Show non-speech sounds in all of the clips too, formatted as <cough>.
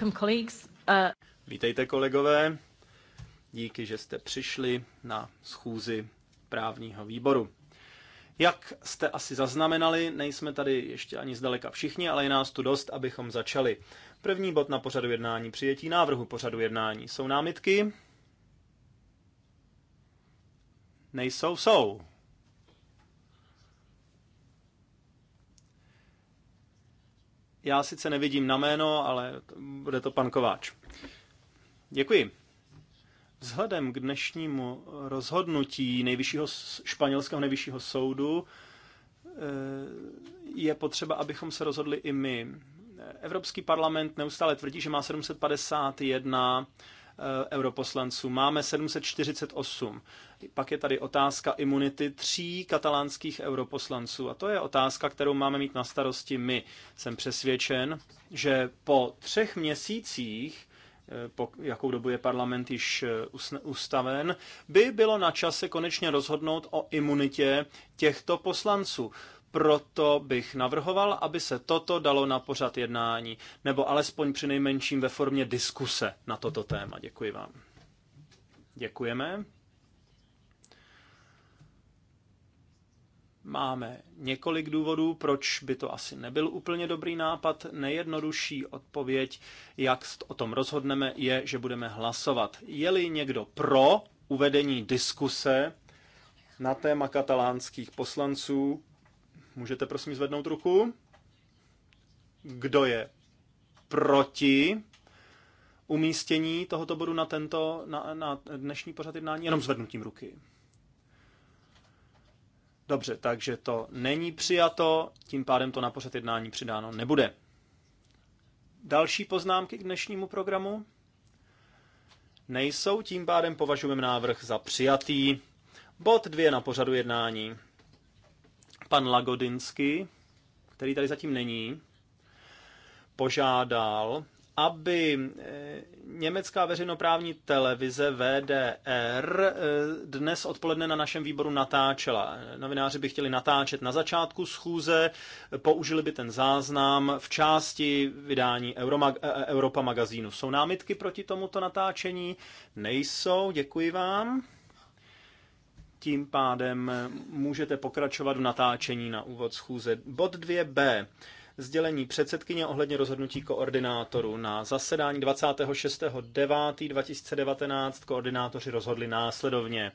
Welcome, colleagues. Uh... Vítejte, kolegové. Díky, že jste přišli na schůzi právního výboru. Jak jste asi zaznamenali, nejsme tady ještě ani zdaleka všichni, ale je nás tu dost, abychom začali. První bod na pořadu jednání, přijetí návrhu pořadu jednání. Jsou námitky? Nejsou, jsou. Já sice nevidím na jméno, ale bude to pan Kováč. Děkuji. Vzhledem k dnešnímu rozhodnutí nejvyššího španělského nejvyššího soudu eh, je potřeba, abychom se rozhodli i my. Evropský parlament neustále tvrdí, že má 751 Eh, europoslanců. Máme 748. Pak je tady otázka imunity tří katalánských europoslanců. A to je otázka, kterou máme mít na starosti my. Jsem přesvědčen, že po třech měsících eh, po jakou dobu je parlament již eh, ustaven, by bylo na čase konečně rozhodnout o imunitě těchto poslanců proto bych navrhoval, aby se toto dalo na pořad jednání, nebo alespoň při nejmenším ve formě diskuse na toto téma. Děkuji vám. Děkujeme. Máme několik důvodů, proč by to asi nebyl úplně dobrý nápad. Nejjednodušší odpověď, jak o tom rozhodneme, je, že budeme hlasovat. Je-li někdo pro uvedení diskuse na téma katalánských poslanců, Můžete prosím zvednout ruku? Kdo je proti umístění tohoto bodu na, tento, na, na dnešní pořad jednání? Jenom zvednutím ruky. Dobře, takže to není přijato, tím pádem to na pořad jednání přidáno nebude. Další poznámky k dnešnímu programu? Nejsou, tím pádem považujeme návrh za přijatý. Bod 2 na pořadu jednání pan Lagodinsky, který tady zatím není, požádal, aby eh, německá veřejnoprávní televize VDR eh, dnes odpoledne na našem výboru natáčela. Novináři by chtěli natáčet na začátku schůze, použili by ten záznam v části vydání Euromag- eh, Europa magazínu. Jsou námitky proti tomuto natáčení? Nejsou, děkuji vám. Tím pádem eh, můžete pokračovat v natáčení na úvod schůze. Bod 2b sdělení předsedkyně ohledně rozhodnutí koordinátorů. Na zasedání 26.9.2019 koordinátoři rozhodli následovně.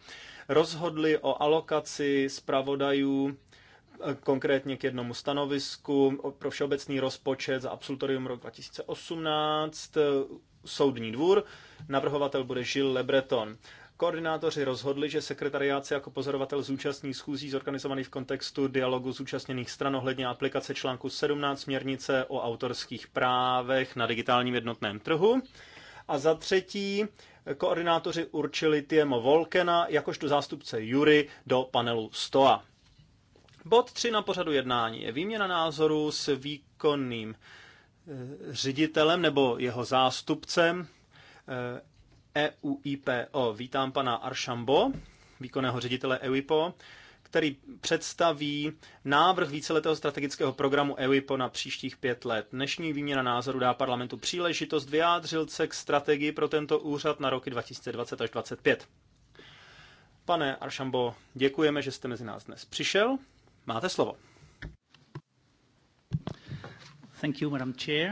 Rozhodli o alokaci zpravodajů eh, konkrétně k jednomu stanovisku pro všeobecný rozpočet za absolutorium rok 2018, eh, soudní dvůr. Navrhovatel bude žil Lebreton. Koordinátoři rozhodli, že sekretariát se jako pozorovatel zúčastní schůzí zorganizovaných v kontextu dialogu zúčastněných stran ohledně aplikace článku 17 směrnice o autorských právech na digitálním jednotném trhu. A za třetí, koordinátoři určili Tiemo Volkena jakožto zástupce Jury do panelu STOA. Bod 3 na pořadu jednání je výměna názoru s výkonným eh, ředitelem nebo jeho zástupcem eh, EUIPO. Vítám pana Aršambo, výkonného ředitele EUIPO, který představí návrh víceletého strategického programu EUIPO na příštích pět let. Dnešní výměna názoru dá parlamentu příležitost vyjádřil se k strategii pro tento úřad na roky 2020 až 2025. Pane Aršambo, děkujeme, že jste mezi nás dnes přišel. Máte slovo. Thank you, Madam Chair.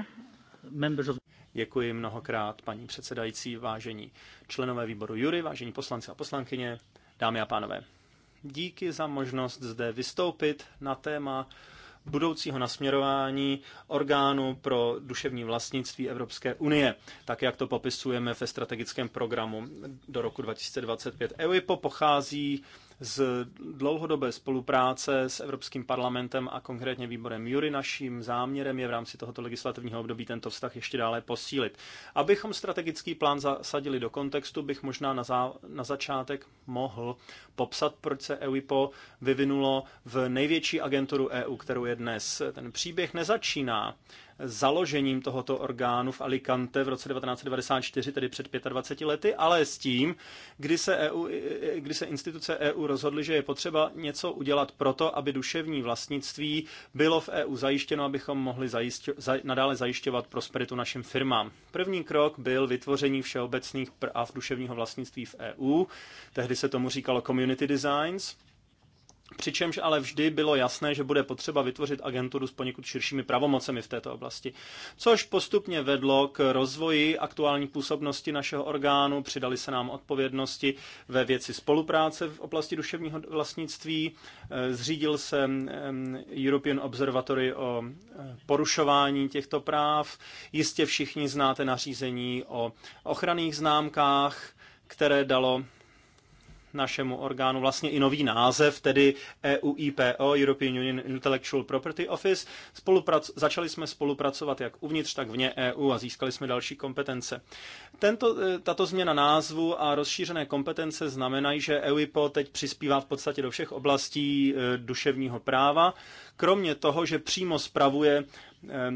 Members of Děkuji mnohokrát, paní předsedající, vážení členové výboru Jury, vážení poslanci a poslankyně, dámy a pánové. Díky za možnost zde vystoupit na téma budoucího nasměrování orgánu pro duševní vlastnictví Evropské unie, tak jak to popisujeme ve strategickém programu do roku 2025. EUIPO pochází z dlouhodobé spolupráce s Evropským parlamentem a konkrétně výborem Jury. Naším záměrem je v rámci tohoto legislativního období tento vztah ještě dále posílit. Abychom strategický plán zasadili do kontextu, bych možná na, za, na začátek mohl popsat, proč se EUIPO vyvinulo v největší agenturu EU, kterou je dnes. Ten příběh nezačíná založením tohoto orgánu v Alicante v roce 1994, tedy před 25 lety, ale s tím, kdy se, EU, kdy se instituce EU rozhodly, že je potřeba něco udělat proto, aby duševní vlastnictví bylo v EU zajištěno, abychom mohli zajišť, za, nadále zajišťovat prosperitu našim firmám. První krok byl vytvoření všeobecných práv duševního vlastnictví v EU. Tehdy se tomu říkalo Community Designs Přičemž ale vždy bylo jasné, že bude potřeba vytvořit agenturu s poněkud širšími pravomocemi v této oblasti, což postupně vedlo k rozvoji aktuální působnosti našeho orgánu, přidali se nám odpovědnosti ve věci spolupráce v oblasti duševního vlastnictví, e, zřídil se European Observatory o e, porušování těchto práv, jistě všichni znáte nařízení o ochranných známkách, které dalo našemu orgánu vlastně i nový název, tedy EUIPO, European Union Intellectual Property Office. Spoluprac- začali jsme spolupracovat jak uvnitř, tak vně EU a získali jsme další kompetence. Tento, e, tato změna názvu a rozšířené kompetence znamenají, že EUIPO teď přispívá v podstatě do všech oblastí e, duševního práva, kromě toho, že přímo spravuje e,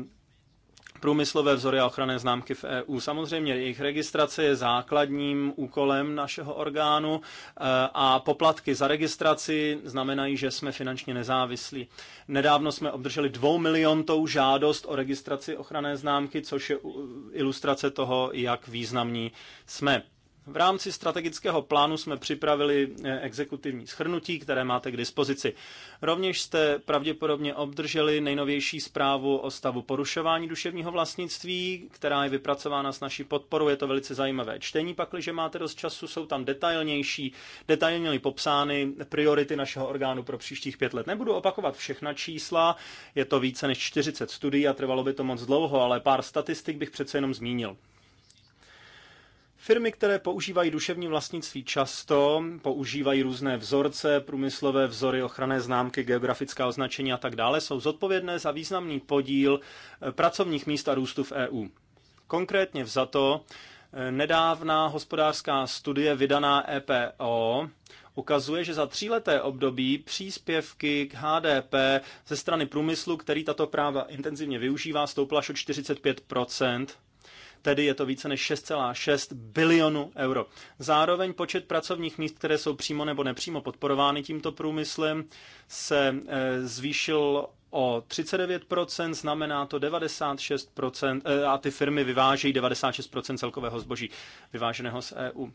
průmyslové vzory a ochranné známky v EU. Samozřejmě jejich registrace je základním úkolem našeho orgánu e, a poplatky za registraci znamenají, že jsme finančně nezávislí. Nedávno jsme obdrželi dvou miliontou žádost o registraci ochranné známky, což je ilustrace toho, jak významní jsme. V rámci strategického plánu jsme připravili eh, exekutivní schrnutí, které máte k dispozici. Rovněž jste pravděpodobně obdrželi nejnovější zprávu o stavu porušování duševního vlastnictví, která je vypracována s naší podporou. Je to velice zajímavé čtení, pakliže máte dost času, jsou tam detailnější, detailněji popsány priority našeho orgánu pro příštích pět let. Nebudu opakovat všechna čísla, je to více než 40 studií a trvalo by to moc dlouho, ale pár statistik bych přece jenom zmínil. Firmy, které používají duševní vlastnictví často, používají různé vzorce, průmyslové vzory, ochranné známky, geografická označení a tak dále, jsou zodpovědné za významný podíl eh, pracovních míst a růstu v EU. Konkrétně to eh, nedávná hospodářská studie vydaná EPO ukazuje, že za tříleté období příspěvky k HDP ze strany průmyslu, který tato práva intenzivně využívá, stoupla až o 45 tedy je to více než 6,6 bilionu euro. Zároveň počet pracovních míst, které jsou přímo nebo nepřímo podporovány tímto průmyslem, se eh, zvýšil o 39%, znamená to 96%, eh, a ty firmy vyvážejí 96% celkového zboží vyváženého z EU.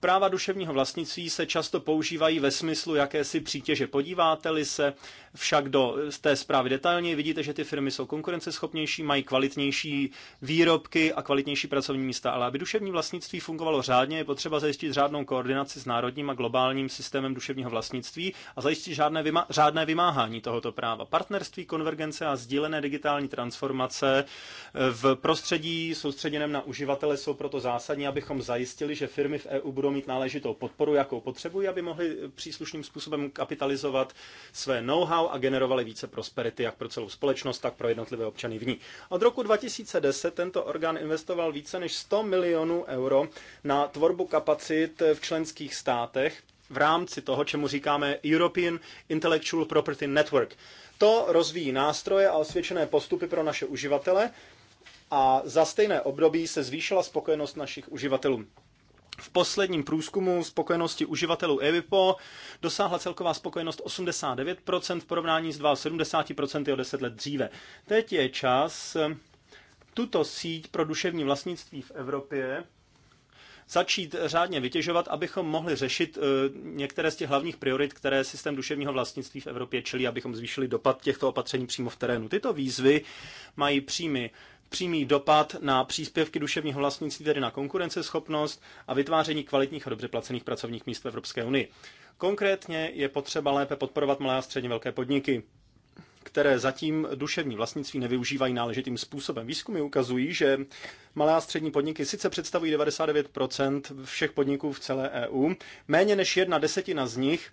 Práva duševního vlastnictví se často používají ve smyslu jakési přítěže. Podíváte-li se však do té zprávy detailně, vidíte, že ty firmy jsou konkurenceschopnější, mají kvalitnější výrobky a kvalitnější pracovní místa. Ale aby duševní vlastnictví fungovalo řádně, je potřeba zajistit řádnou koordinaci s národním a globálním systémem duševního vlastnictví a zajistit žádné vymá- řádné vymáhání tohoto práva. Partnerství, konvergence a sdílené digitální transformace eh, v prostředí soustředěném na uživatele jsou proto zásadní, abychom zajistili, že firmy v EU EU budou mít náležitou podporu, jakou potřebují, aby mohli e, příslušným způsobem kapitalizovat své know-how a generovali více prosperity jak pro celou společnost, tak pro jednotlivé občany v ní. Od roku 2010 tento orgán investoval více než 100 milionů euro na tvorbu kapacit v členských státech v rámci toho, čemu říkáme European Intellectual Property Network. To rozvíjí nástroje a osvědčené postupy pro naše uživatele a za stejné období se zvýšila spokojenost našich uživatelů. V posledním průzkumu spokojenosti uživatelů EVIPO dosáhla celková spokojenost 89% v porovnání s 72% o 10 let dříve. Teď je čas eh, tuto síť pro duševní vlastnictví v Evropě začít řádně vytěžovat, abychom mohli řešit eh, některé z těch hlavních priorit, které systém duševního vlastnictví v Evropě čelí, abychom zvýšili dopad těchto opatření přímo v terénu. Tyto výzvy mají přímý přímý dopad na příspěvky duševního vlastnictví, tedy na konkurenceschopnost a vytváření kvalitních a dobře placených pracovních míst v Evropské unii. Konkrétně je potřeba lépe podporovat malé a středně velké podniky, které zatím duševní vlastnictví nevyužívají náležitým způsobem. Výzkumy ukazují, že malé a střední podniky sice představují 99 všech podniků v celé EU, méně než jedna desetina z nich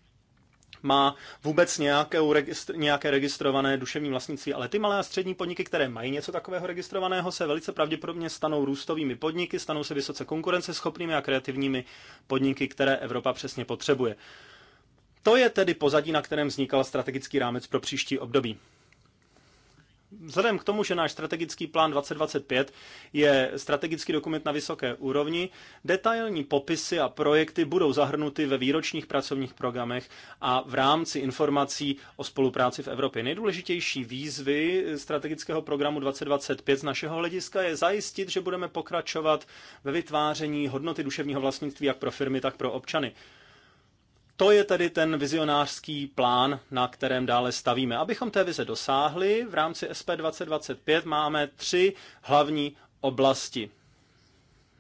má vůbec nějaké, registr, nějaké registrované duševní vlastnictví, ale ty malé a střední podniky, které mají něco takového registrovaného, se velice pravděpodobně stanou růstovými podniky, stanou se vysoce konkurenceschopnými a kreativními podniky, které Evropa přesně potřebuje. To je tedy pozadí, na kterém vznikal strategický rámec pro příští období. Vzhledem k tomu, že náš strategický plán 2025 je strategický dokument na vysoké úrovni, detailní popisy a projekty budou zahrnuty ve výročních pracovních programech a v rámci informací o spolupráci v Evropě. Nejdůležitější výzvy strategického programu 2025 z našeho hlediska je zajistit, že budeme pokračovat ve vytváření hodnoty duševního vlastnictví jak pro firmy, tak pro občany. To je tedy ten vizionářský plán, na kterém dále stavíme. Abychom té vize dosáhli, v rámci SP 2025 máme tři hlavní oblasti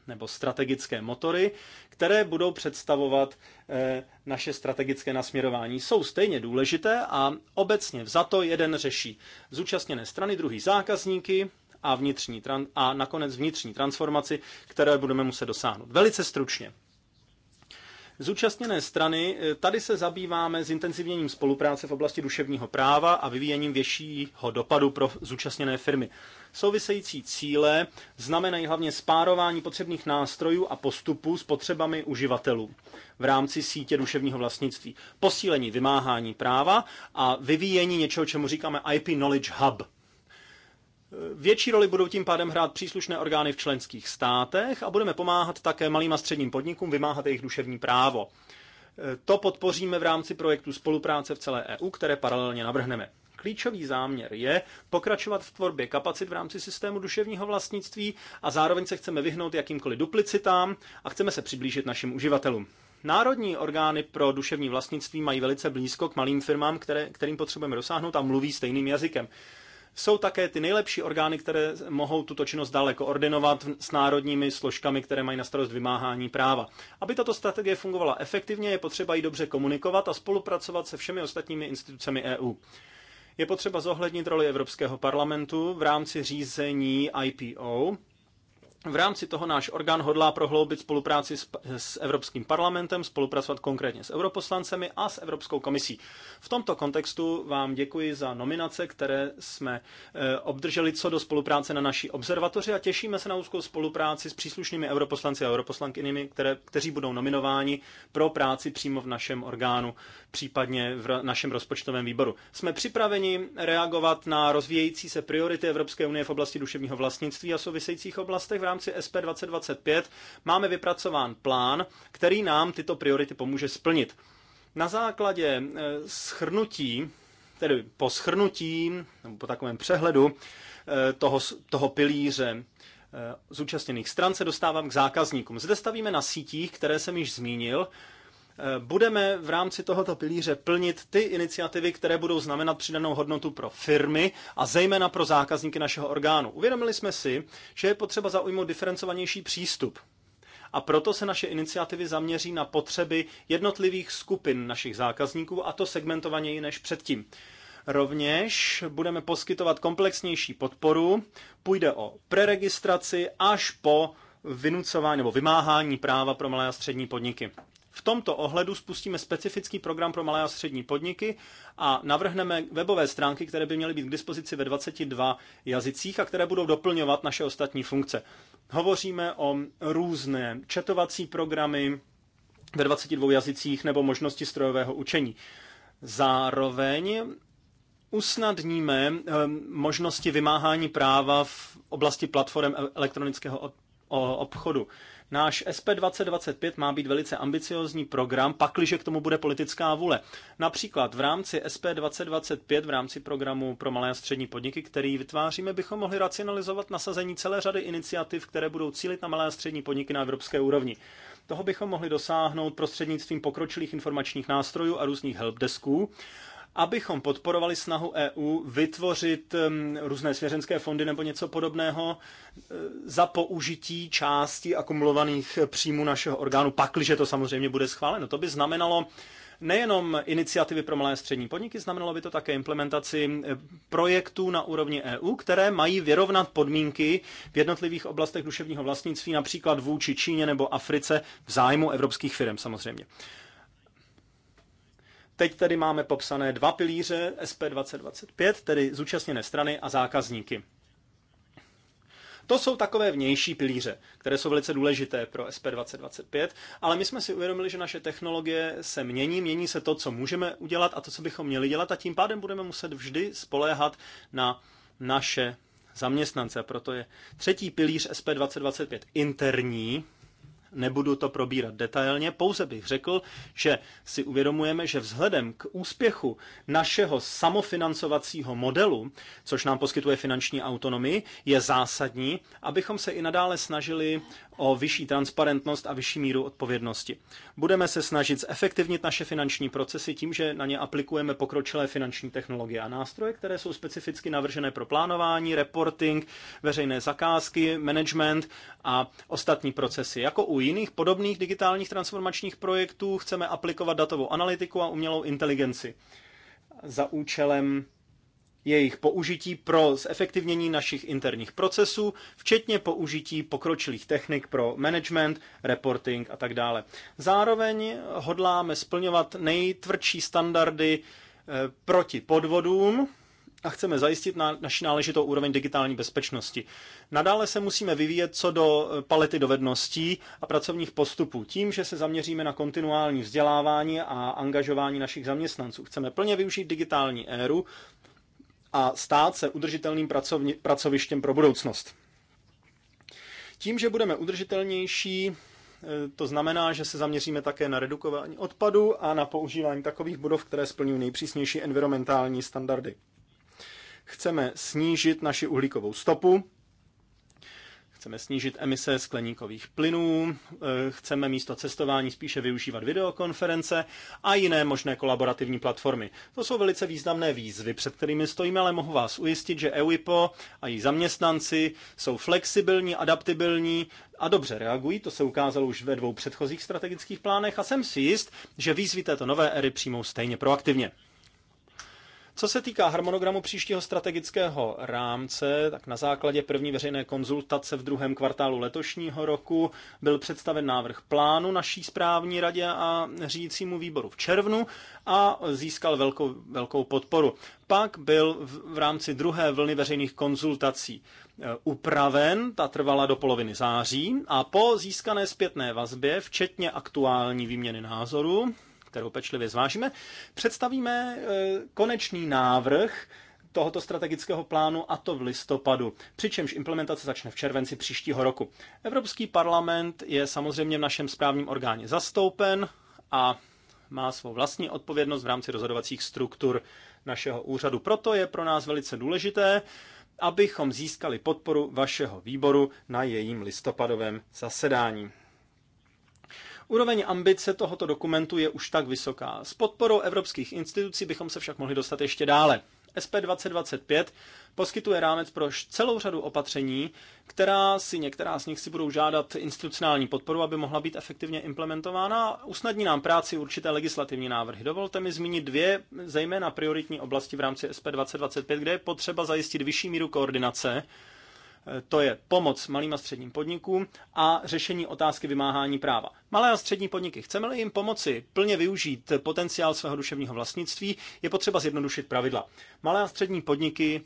nebo strategické motory, které budou představovat eh, naše strategické nasměrování. Jsou stejně důležité a obecně vzato jeden řeší zúčastněné strany, druhý zákazníky a, vnitřní, a nakonec vnitřní transformaci, které budeme muset dosáhnout. Velice stručně. Zúčastněné strany, eh, tady se zabýváme intenzivněním spolupráce v oblasti duševního práva a vyvíjením většího dopadu pro zúčastněné firmy. Související cíle znamenají hlavně spárování potřebných nástrojů a postupů s potřebami uživatelů v rámci sítě duševního vlastnictví, posílení vymáhání práva a vyvíjení něčeho, čemu říkáme IP Knowledge Hub – Větší roli budou tím pádem hrát příslušné orgány v členských státech a budeme pomáhat také malým a středním podnikům vymáhat jejich duševní právo. E, to podpoříme v rámci projektu spolupráce v celé EU, které paralelně navrhneme. Klíčový záměr je pokračovat v tvorbě kapacit v rámci systému duševního vlastnictví a zároveň se chceme vyhnout jakýmkoliv duplicitám a chceme se přiblížit našim uživatelům. Národní orgány pro duševní vlastnictví mají velice blízko k malým firmám, které, kterým potřebujeme dosáhnout a mluví stejným jazykem jsou také ty nejlepší orgány, které mohou tuto činnost dále koordinovat s národními složkami, které mají na starost vymáhání práva. Aby tato strategie fungovala efektivně, je potřeba ji dobře komunikovat a spolupracovat se všemi ostatními institucemi EU. Je potřeba zohlednit roli Evropského parlamentu v rámci řízení IPO, v rámci toho náš orgán hodlá prohloubit spolupráci s, s Evropským parlamentem, spolupracovat konkrétně s europoslancemi a s Evropskou komisí. V tomto kontextu vám děkuji za nominace, které jsme e, obdrželi co do spolupráce na naší observatoři a těšíme se na úzkou spolupráci s příslušnými europoslanci a europoslankyněmi, které, kteří budou nominováni pro práci přímo v našem orgánu, případně v našem rozpočtovém výboru. Jsme připraveni reagovat na rozvíjející se priority Evropské unie v oblasti duševního vlastnictví a souvisejících oblastech v rámci rámci SP 2025 máme vypracován plán, který nám tyto priority pomůže splnit. Na základě eh, schrnutí, tedy po schrnutí, nebo po takovém přehledu eh, toho, toho pilíře eh, zúčastněných stran se dostávám k zákazníkům. Zde stavíme na sítích, které jsem již zmínil, Eh, budeme v rámci tohoto pilíře plnit ty iniciativy, které budou znamenat přidanou hodnotu pro firmy a zejména pro zákazníky našeho orgánu. Uvědomili jsme si, že je potřeba zaujmout diferencovanější přístup. A proto se naše iniciativy zaměří na potřeby jednotlivých skupin našich zákazníků a to segmentovaněji než předtím. Rovněž budeme poskytovat komplexnější podporu, půjde o preregistraci až po vynucování nebo vymáhání práva pro malé a střední podniky. V tomto ohledu spustíme specifický program pro malé a střední podniky a navrhneme webové stránky, které by měly být k dispozici ve 22 jazycích a které budou doplňovat naše ostatní funkce. Hovoříme o různé četovací programy ve 22 jazycích nebo možnosti strojového učení. Zároveň usnadníme eh, možnosti vymáhání práva v oblasti platform elektronického obchodu. Náš SP 2025 má být velice ambiciozní program, pakliže k tomu bude politická vůle. Například v rámci SP 2025, v rámci programu pro malé a střední podniky, který vytváříme, bychom mohli racionalizovat nasazení celé řady iniciativ, které budou cílit na malé a střední podniky na evropské úrovni. Toho bychom mohli dosáhnout prostřednictvím pokročilých informačních nástrojů a různých helpdesků abychom podporovali snahu EU vytvořit různé svěřenské fondy nebo něco podobného e, za použití části akumulovaných příjmů našeho orgánu, pakliže to samozřejmě bude schváleno. To by znamenalo nejenom iniciativy pro malé a střední podniky, znamenalo by to také implementaci projektů na úrovni EU, které mají vyrovnat podmínky v jednotlivých oblastech duševního vlastnictví, například vůči Číně nebo Africe, v zájmu evropských firm samozřejmě. Teď tady máme popsané dva pilíře SP 2025, tedy zúčastněné strany a zákazníky. To jsou takové vnější pilíře, které jsou velice důležité pro SP 2025, ale my jsme si uvědomili, že naše technologie se mění, mění se to, co můžeme udělat a to, co bychom měli dělat a tím pádem budeme muset vždy spoléhat na naše zaměstnance. Proto je třetí pilíř SP 2025 interní, Nebudu to probírat detailně, pouze bych řekl, že si uvědomujeme, že vzhledem k úspěchu našeho samofinancovacího modelu, což nám poskytuje finanční autonomii, je zásadní, abychom se i nadále snažili o vyšší transparentnost a vyšší míru odpovědnosti. Budeme se snažit zefektivnit naše finanční procesy tím, že na ně aplikujeme pokročilé finanční technologie a nástroje, které jsou specificky navržené pro plánování, reporting, veřejné zakázky, management a ostatní procesy. Jako u jiných podobných digitálních transformačních projektů chceme aplikovat datovou analytiku a umělou inteligenci za účelem jejich použití pro zefektivnění našich interních procesů, včetně použití pokročilých technik pro management, reporting a tak dále. Zároveň hodláme splňovat nejtvrdší standardy eh, proti podvodům, a chceme zajistit na naši náležitou úroveň digitální bezpečnosti. Nadále se musíme vyvíjet co do eh, palety dovedností a pracovních postupů tím, že se zaměříme na kontinuální vzdělávání a angažování našich zaměstnanců. Chceme plně využít digitální éru a stát se udržitelným pracovni, pracovištěm pro budoucnost. Tím, že budeme udržitelnější, e, to znamená, že se zaměříme také na redukování odpadu a na používání takových budov, které splňují nejpřísnější environmentální standardy. Chceme snížit naši uhlíkovou stopu Chceme snížit emise skleníkových plynů, eh, chceme místo cestování spíše využívat videokonference a jiné možné kolaborativní platformy. To jsou velice významné výzvy, před kterými stojíme, ale mohu vás ujistit, že EUIPO a její zaměstnanci jsou flexibilní, adaptibilní a dobře reagují. To se ukázalo už ve dvou předchozích strategických plánech a jsem si jist, že výzvy této nové éry přijmou stejně proaktivně. Co se týká harmonogramu příštího strategického rámce, tak na základě první veřejné konzultace v druhém kvartálu letošního roku byl představen návrh plánu naší správní radě a řídícímu výboru v červnu a získal velkou, velkou podporu. Pak byl v, v rámci druhé vlny veřejných konzultací eh, upraven, ta trvala do poloviny září a po získané zpětné vazbě, včetně aktuální výměny názorů, kterou pečlivě zvážíme, představíme eh, konečný návrh tohoto strategického plánu a to v listopadu, přičemž implementace začne v červenci příštího roku. Evropský parlament je samozřejmě v našem správním orgáně zastoupen a má svou vlastní odpovědnost v rámci rozhodovacích struktur našeho úřadu. Proto je pro nás velice důležité, abychom získali podporu vašeho výboru na jejím listopadovém zasedání. Úroveň ambice tohoto dokumentu je už tak vysoká. S podporou evropských institucí bychom se však mohli dostat ještě dále. SP 2025 poskytuje rámec pro celou řadu opatření, která si některá z nich si budou žádat institucionální podporu, aby mohla být efektivně implementována a usnadní nám práci určité legislativní návrhy. Dovolte mi zmínit dvě zejména prioritní oblasti v rámci SP 2025, kde je potřeba zajistit vyšší míru koordinace to je pomoc malým a středním podnikům a řešení otázky vymáhání práva. Malé a střední podniky, chceme-li jim pomoci plně využít potenciál svého duševního vlastnictví, je potřeba zjednodušit pravidla. Malé a střední podniky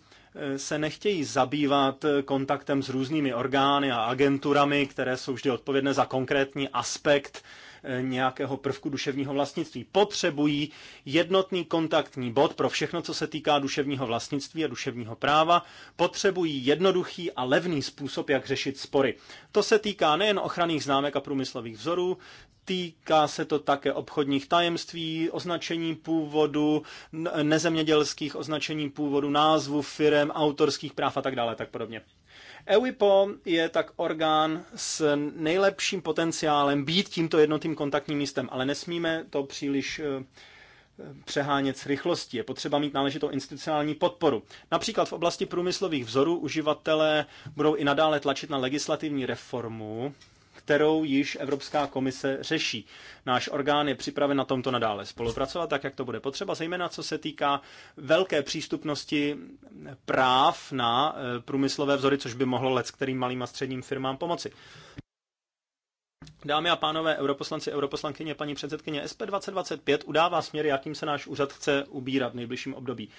se nechtějí zabývat kontaktem s různými orgány a agenturami, které jsou vždy odpovědné za konkrétní aspekt eh, nějakého prvku duševního vlastnictví. Potřebují jednotný kontaktní bod pro všechno, co se týká duševního vlastnictví a duševního práva. Potřebují jednoduchý a levný způsob, jak řešit spory. To se týká nejen ochranných známek a průmyslových vzorů, Týká se to také obchodních tajemství, označení původu, nezemědělských označení původu, názvu firem, autorských práv a tak dále, tak podobně. EUIPO je tak orgán s nejlepším potenciálem být tímto jednotným kontaktním místem, ale nesmíme to příliš e, přehánět s rychlostí. Je potřeba mít náležitou institucionální podporu. Například v oblasti průmyslových vzorů uživatelé budou i nadále tlačit na legislativní reformu, kterou již Evropská komise řeší. Náš orgán je připraven na tomto nadále spolupracovat, tak jak to bude potřeba, zejména co se týká velké přístupnosti práv na eh, průmyslové vzory, což by mohlo let kterým malým a středním firmám pomoci. Dámy a pánové, europoslanci, europoslankyně, paní předsedkyně, SP 2025 udává směr, jakým se náš úřad chce ubírat v nejbližším období.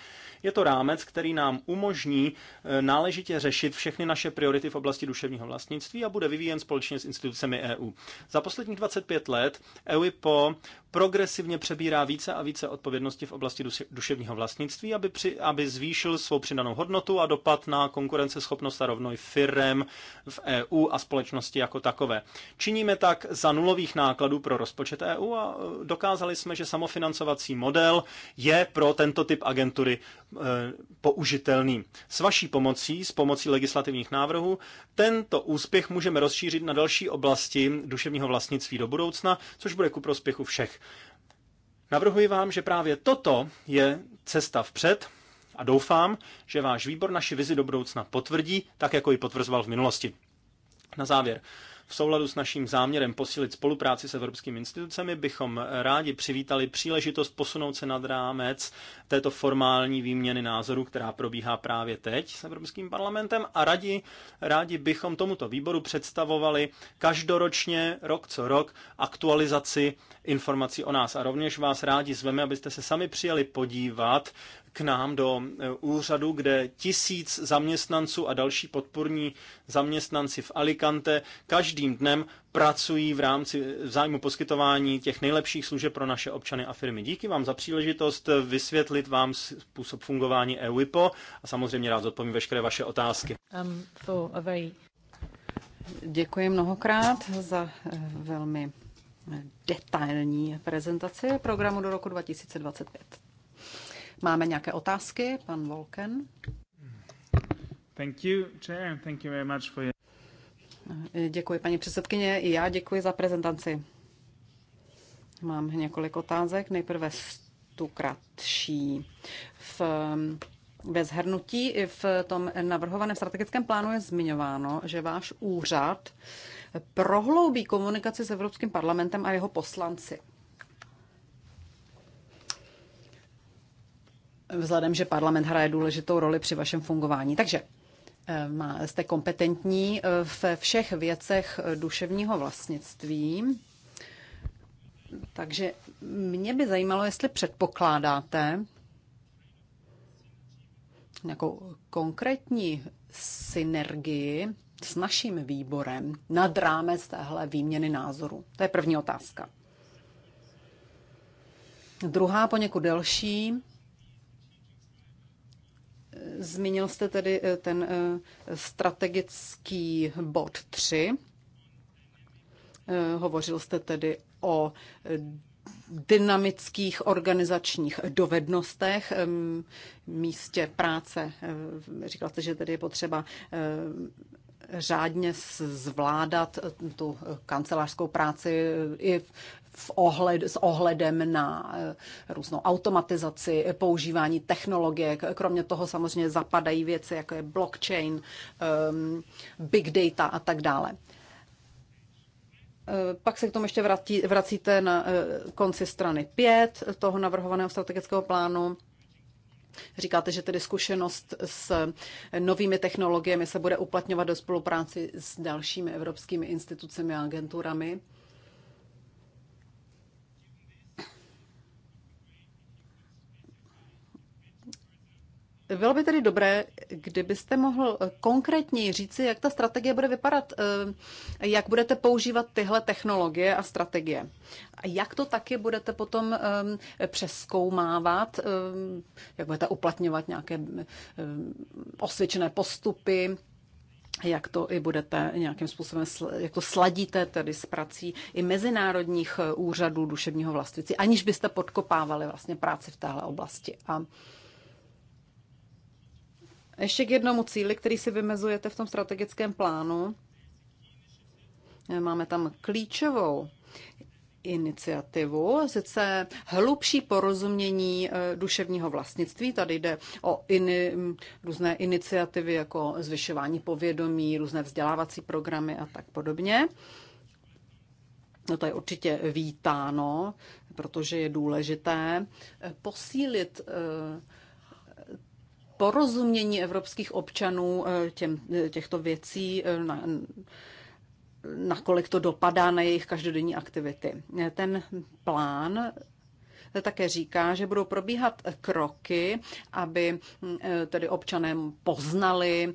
Je to rámec, který nám umožní eh, náležitě řešit všechny naše priority v oblasti duševního vlastnictví a bude vyvíjen společně s institucemi EU. Za posledních 25 let EUIPO progresivně přebírá více a více odpovědnosti v oblasti duševního vlastnictví, aby, při, aby zvýšil svou přidanou hodnotu a dopad na konkurenceschopnost a rovnoj firem v EU a společnosti jako takové. Činíme tak tak za nulových nákladů pro rozpočet EU a e, dokázali jsme, že samofinancovací model je pro tento typ agentury e, použitelný. S vaší pomocí, s pomocí legislativních návrhů, tento úspěch můžeme rozšířit na další oblasti duševního vlastnictví do budoucna, což bude ku prospěchu všech. Navrhuji vám, že právě toto je cesta vpřed a doufám, že váš výbor naši vizi do budoucna potvrdí, tak jako ji potvrzoval v minulosti. Na závěr, v souladu s naším záměrem posílit spolupráci s evropskými institucemi bychom rádi přivítali příležitost posunout se nad rámec této formální výměny názorů, která probíhá právě teď s Evropským parlamentem a rádi, rádi bychom tomuto výboru představovali každoročně, rok co rok, aktualizaci informací o nás a rovněž vás rádi zveme, abyste se sami přijeli podívat k nám do e, úřadu, kde tisíc zaměstnanců a další podporní zaměstnanci v Alicante každým dnem pracují v rámci v zájmu poskytování těch nejlepších služeb pro naše občany a firmy. Díky vám za příležitost vysvětlit vám způsob fungování EUIPO a samozřejmě rád odpovím veškeré vaše otázky. Um, very... Děkuji mnohokrát za e, velmi e, detailní prezentaci programu do roku 2025. Máme nějaké otázky? Pan Volken. Thank you, chair, and thank you very much for your... Děkuji, paní předsedkyně. I já děkuji za prezentaci. Mám několik otázek. Nejprve tu kratší. V, mm, ve zhrnutí v tom navrhovaném strategickém plánu je zmiňováno, že váš úřad prohloubí komunikaci s Evropským parlamentem a jeho poslanci. vzhledem, že parlament hraje důležitou roli při vašem fungování. Takže eh, jste kompetentní eh, ve všech věcech eh, duševního vlastnictví. Takže mě by zajímalo, jestli předpokládáte nějakou konkrétní synergii s naším výborem nad rámec téhle výměny názorů. To je první otázka. Druhá, poněkud delší, Zmínil jste tedy eh, ten eh, strategický bod 3. Eh, hovořil jste tedy o dynamických organizačních dovednostech, ehm, místě práce. Říkal jste, že tedy je potřeba řádně zvládat tu kancelářskou práci i v ohled, s ohledem na eh, různou automatizaci, používání technologie. Kromě toho samozřejmě zapadají věci, jako je blockchain, ehm, big data a tak dále. Eh, pak se k tomu ještě vrací, vracíte na eh, konci strany 5 toho navrhovaného strategického plánu. Říkáte, že tedy zkušenost s novými technologiemi se bude uplatňovat do spolupráci s dalšími evropskými institucemi a agenturami. Bylo by tedy dobré, kdybyste mohl konkrétně říci, jak ta strategie bude vypadat, eh, jak budete používat tyhle technologie a strategie. A jak to taky budete potom eh, přeskoumávat, eh, jak budete uplatňovat nějaké osvědčené postupy, jak to i budete nějakým způsobem, jak to sladíte tedy s prací i mezinárodních úřadů duševního vlastnictví, aniž byste podkopávali vlastně práci v téhle oblasti. A a Ještě k jednomu cíli, který si vymezujete v tom strategickém plánu. Máme tam klíčovou iniciativu, sice hlubší porozumění eh, duševního vlastnictví. Tady jde o ini, různé iniciativy jako zvyšování povědomí, různé vzdělávací programy a tak podobně. No to je určitě vítáno, protože je důležité eh, posílit eh, porozumění evropských občanů eh, těm, eh, těchto věcí, eh, na, nakolik to dopadá na jejich každodenní aktivity. Ten plán také říká, že budou probíhat kroky, aby hm, tedy občané poznali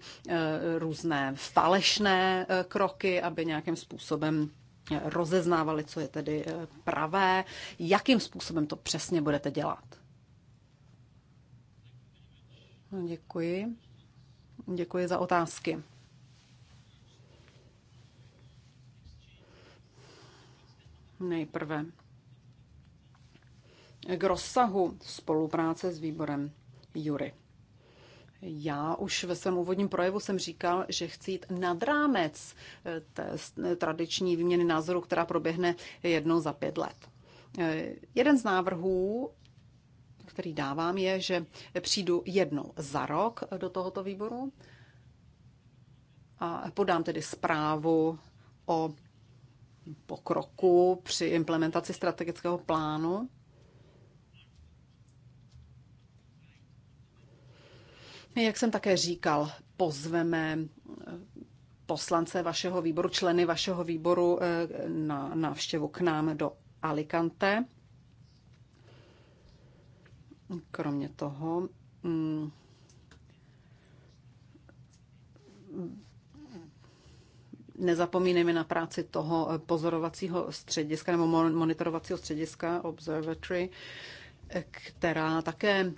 různé falešné kroky, aby nějakým způsobem rozeznávali, co je tedy pravé, jakým způsobem to přesně budete dělat. Děkuji. Děkuji za otázky. Nejprve k rozsahu spolupráce s výborem Jury. Já už ve svém úvodním projevu jsem říkal, že chci jít nad rámec eh, té tradiční výměny názoru, která proběhne jednou za pět let. Eh, jeden z návrhů který dávám, je, že přijdu jednou za rok do tohoto výboru a podám tedy zprávu o pokroku při implementaci strategického plánu. Jak jsem také říkal, pozveme eh, poslance vašeho výboru, členy vašeho výboru eh, na návštěvu k nám do Alicante. Kromě toho mm, nezapomínejme na práci toho pozorovacího střediska nebo monitorovacího střediska Observatory, která také e,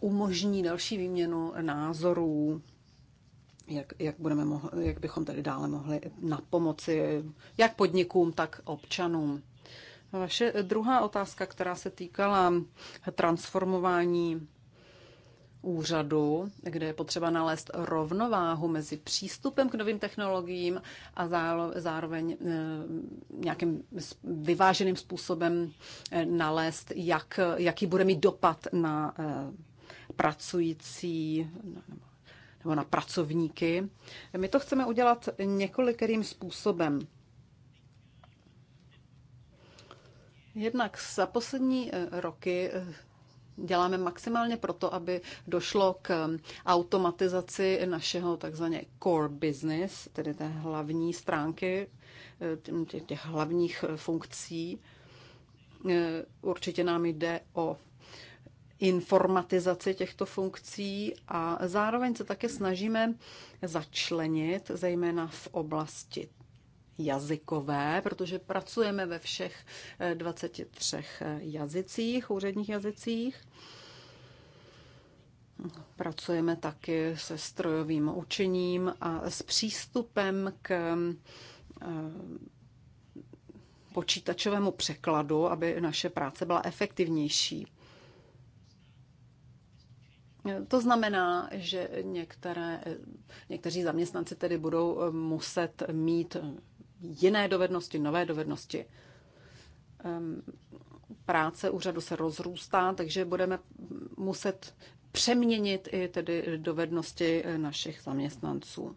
umožní další výměnu názorů, jak, jak, budeme mohli, jak bychom tedy dále mohli na pomoci jak podnikům, tak občanům. Vaše druhá otázka, která se týkala transformování úřadu, kde je potřeba nalézt rovnováhu mezi přístupem k novým technologiím a zároveň eh, nějakým vyváženým způsobem eh, nalézt, jak, jaký bude mít dopad na eh, pracující nebo na pracovníky. My to chceme udělat několikerým způsobem. Jednak za poslední eh, roky eh, děláme maximálně proto, aby došlo k eh, automatizaci našeho takzvaně core business, tedy té hlavní stránky, těch hlavních funkcí. Určitě nám jde o informatizaci těchto funkcí a zároveň se také snažíme začlenit, zejména v oblasti jazykové, protože pracujeme ve všech 23 eh, eh, jazycích, úředních jazycích. Pracujeme taky se strojovým učením a s přístupem k eh, počítačovému překladu, aby naše práce byla efektivnější. To znamená, že některé, někteří zaměstnanci tedy budou muset mít jiné dovednosti, nové dovednosti. Práce úřadu se rozrůstá, takže budeme muset přeměnit i tedy dovednosti našich zaměstnanců.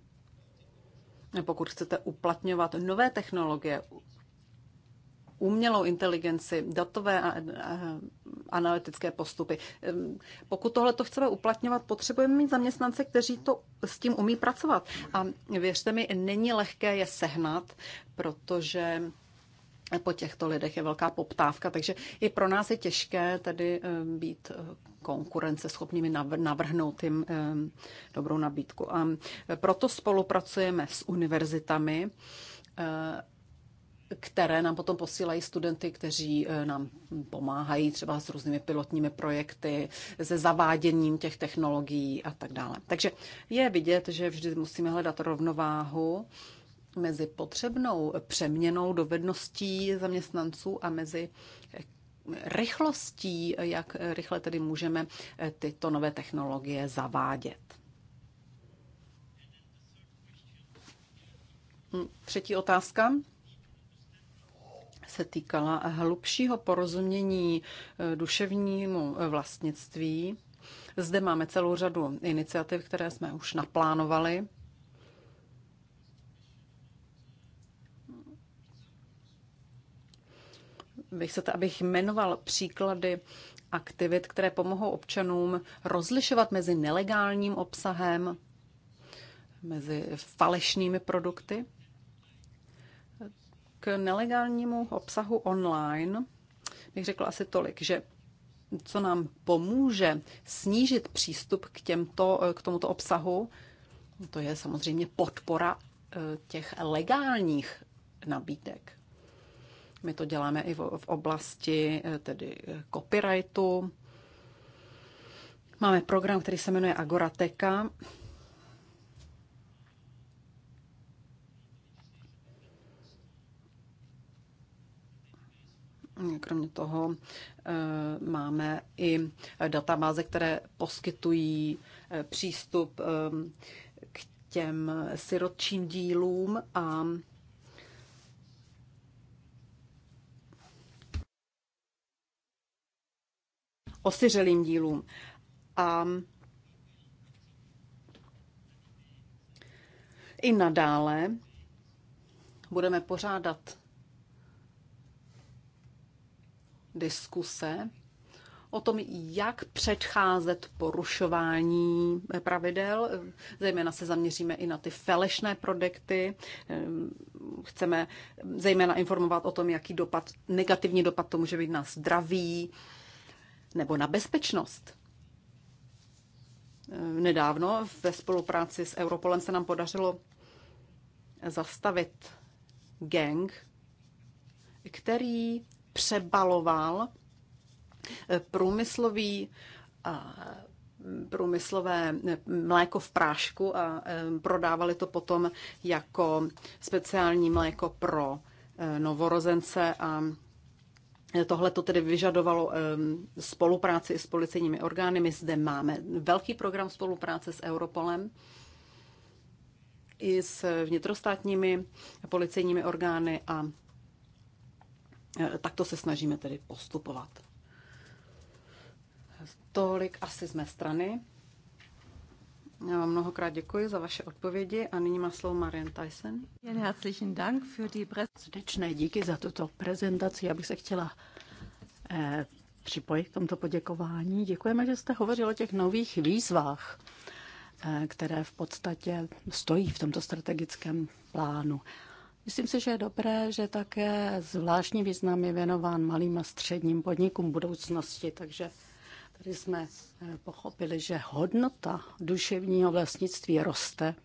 Pokud chcete uplatňovat nové technologie, umělou inteligenci, datové a analytické postupy. Pokud tohle to chceme uplatňovat, potřebujeme mít zaměstnance, kteří to s tím umí pracovat. A věřte mi, není lehké je sehnat, protože po těchto lidech je velká poptávka, takže i pro nás je těžké tady být eh, konkurenceschopnými, navrhnout jim dobrou nabídku. A proto spolupracujeme s univerzitami, eh, které nám potom posílají studenty, kteří eh, nám pomáhají třeba s různými pilotními projekty, se zaváděním těch technologií a tak dále. Takže je vidět, že vždy musíme hledat rovnováhu mezi potřebnou přeměnou dovedností zaměstnanců a mezi eh, rychlostí, jak rychle tedy můžeme eh, tyto nové technologie zavádět. Hm, třetí otázka se týkala hlubšího porozumění eh, duševnímu eh, vlastnictví. Zde máme celou řadu iniciativ, které jsme už naplánovali. Vy chcete, abych jmenoval příklady aktivit, které pomohou občanům rozlišovat mezi nelegálním obsahem, mezi falešnými produkty? nelegálnímu obsahu online bych řekla asi tolik, že co nám pomůže snížit přístup k, těmto, k tomuto obsahu, to je samozřejmě podpora eh, těch legálních nabídek. My to děláme i v oblasti eh, tedy eh, copyrightu. Máme program, který se jmenuje Agorateka. Kromě toho eh, máme i databáze, které poskytují eh, přístup eh, k těm syrotčím dílům a osiřelým dílům. A i nadále budeme pořádat diskuse o tom, jak předcházet porušování pravidel. Zejména se zaměříme i na ty falešné produkty. Chceme zejména informovat o tom, jaký dopad, negativní dopad to může být na zdraví nebo na bezpečnost. Nedávno ve spolupráci s Europolem se nám podařilo zastavit gang, který přebaloval eh, průmyslový eh, průmyslové eh, mléko v prášku a prodávali to potom jako speciální mléko pro novorozence a Tohle to tedy vyžadovalo spolupráci s policejními orgány. My zde máme velký program spolupráce s Europolem i s vnitrostátními policejními orgány a Eh, Takto se snažíme tedy postupovat. Tolik asi z mé strany. Já vám mnohokrát děkuji za vaše odpovědi a nyní má slovo Marian Tyson. Jen herzlichen Dank für die Srdečné díky za tuto prezentaci. Já bych se chtěla eh, připojit k tomto poděkování. Děkujeme, že jste hovořil o těch nových výzvách, eh, které v podstatě stojí v tomto strategickém plánu. Myslím si, že je dobré, že také zvláštní význam je věnován malým a středním podnikům budoucnosti, takže tady jsme eh, pochopili, že hodnota duševního vlastnictví roste,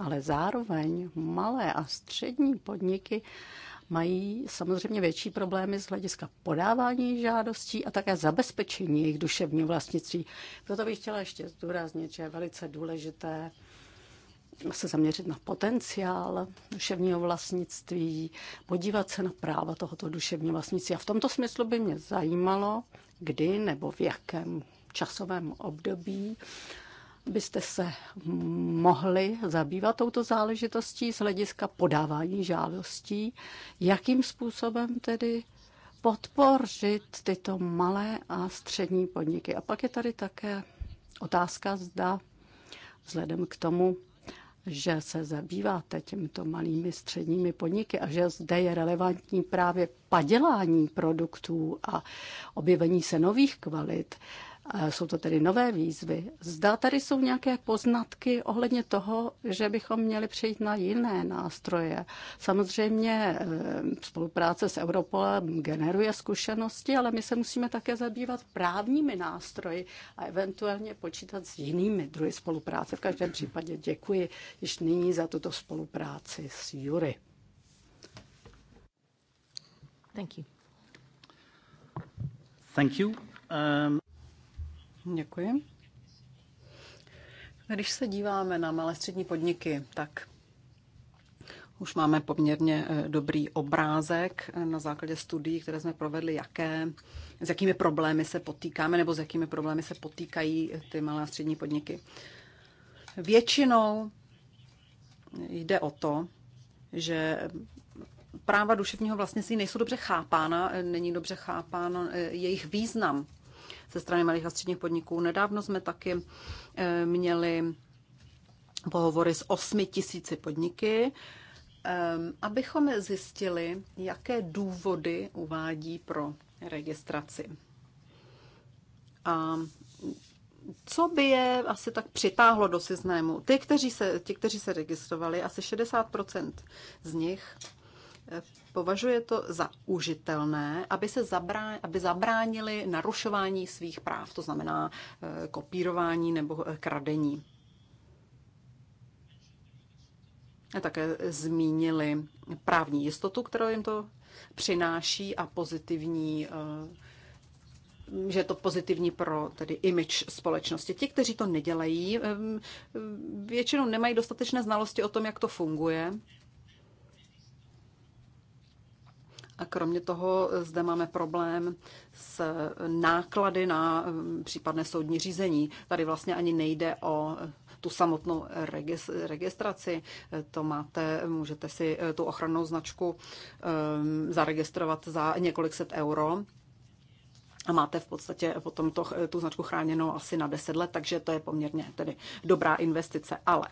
ale zároveň malé a střední podniky mají samozřejmě větší problémy z hlediska podávání žádostí a také zabezpečení jejich duševního vlastnictví. Proto bych chtěla ještě zdůraznit, že je velice důležité se zaměřit na potenciál duševního vlastnictví, podívat se na práva tohoto duševního vlastnictví. A v tomto smyslu by mě zajímalo, kdy nebo v jakém časovém období byste se mohli zabývat touto záležitostí z hlediska podávání žádostí, jakým způsobem tedy podpořit tyto malé a střední podniky. A pak je tady také otázka, zda vzhledem k tomu, že se zabýváte těmito malými středními podniky a že zde je relevantní právě padělání produktů a objevení se nových kvalit. Jsou to tedy nové výzvy. Zdá tady jsou nějaké poznatky ohledně toho, že bychom měli přejít na jiné nástroje. Samozřejmě eh, spolupráce s Europolem generuje zkušenosti, ale my se musíme také zabývat právními nástroji a eventuálně počítat s jinými druhy spolupráce. V každém případě děkuji již nyní za tuto spolupráci s Jury. Thank you. Thank you. Um... Děkuji. Když se díváme na malé střední podniky, tak už máme poměrně e, dobrý obrázek e, na základě studií, které jsme provedli, jaké, s jakými problémy se potýkáme nebo s jakými problémy se potýkají e, ty malé a střední podniky. Většinou jde o to, že práva duševního vlastnictví nejsou dobře chápána, není dobře chápán jejich význam ze strany malých a středních podniků. Nedávno jsme taky eh, měli pohovory s 8 tisíci podniky, ehm, abychom zjistili, jaké důvody uvádí pro registraci. A co by je asi tak přitáhlo do systému? Ty, kteří se, ti, kteří se registrovali, asi 60% z nich považuje to za užitelné, aby se zabrá, aby zabránili narušování svých práv, to znamená eh, kopírování nebo eh, kradení. A také zmínili právní jistotu, kterou jim to přináší a pozitivní eh, že je to pozitivní pro tedy image společnosti. Ti, kteří to nedělají, většinou nemají dostatečné znalosti o tom, jak to funguje A kromě toho eh, zde máme problém s eh, náklady na eh, případné soudní řízení. Tady vlastně ani nejde o tu samotnou registraci. To máte, můžete si tu ochrannou značku ehm, zaregistrovat za několik set euro. A máte v podstatě potom to, tu značku chráněnou asi na 10 let, takže to je poměrně tedy dobrá investice. Ale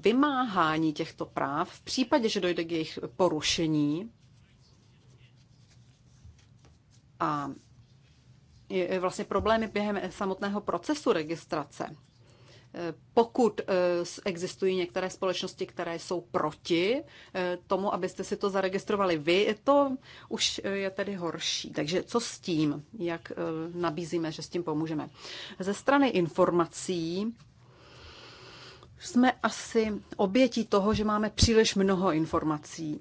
vymáhání těchto práv v případě, že dojde k jejich porušení, a vlastně problémy během samotného procesu registrace. E, pokud e, existují některé společnosti, které jsou proti e, tomu, abyste si to zaregistrovali vy, to už je tedy horší. Takže co s tím, jak nabízíme, že s tím pomůžeme? Ze strany informací jsme asi obětí toho, že máme příliš mnoho informací.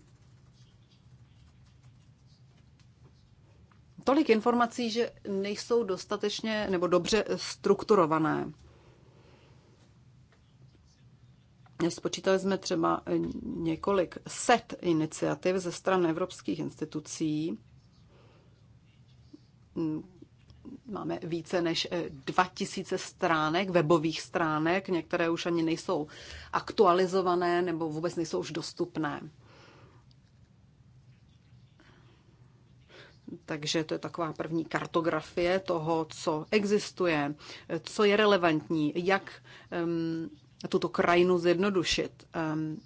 tolik informací, že nejsou dostatečně nebo dobře strukturované. Spočítali jsme třeba několik set iniciativ ze stran evropských institucí. Máme více než 2000 stránek, webových stránek, některé už ani nejsou aktualizované nebo vůbec nejsou už dostupné. Takže to je taková první kartografie toho, co existuje, co je relevantní, jak um, tuto krajinu zjednodušit. Um,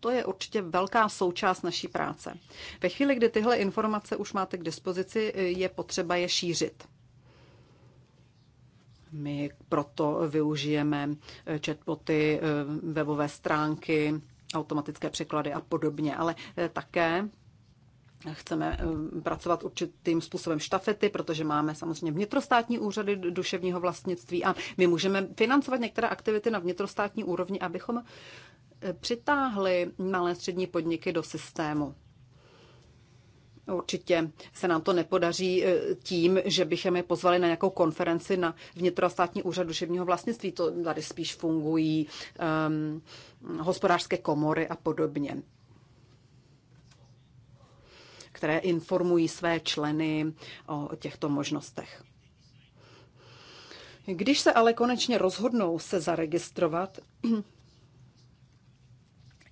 to je určitě velká součást naší práce. Ve chvíli, kdy tyhle informace už máte k dispozici, je potřeba je šířit. My proto využijeme chatboty, webové stránky, automatické překlady a podobně, ale eh, také eh, chceme eh, pracovat určitým způsobem štafety, protože máme samozřejmě vnitrostátní úřady duševního vlastnictví a my můžeme financovat některé aktivity na vnitrostátní úrovni, abychom přitáhli malé střední podniky do systému. Určitě se nám to nepodaří e, tím, že bychom je pozvali na nějakou konferenci na vnitrostátní úřad duševního vlastnictví. To tady spíš fungují um, hospodářské komory a podobně které informují své členy o těchto možnostech. Když se ale konečně rozhodnou se zaregistrovat,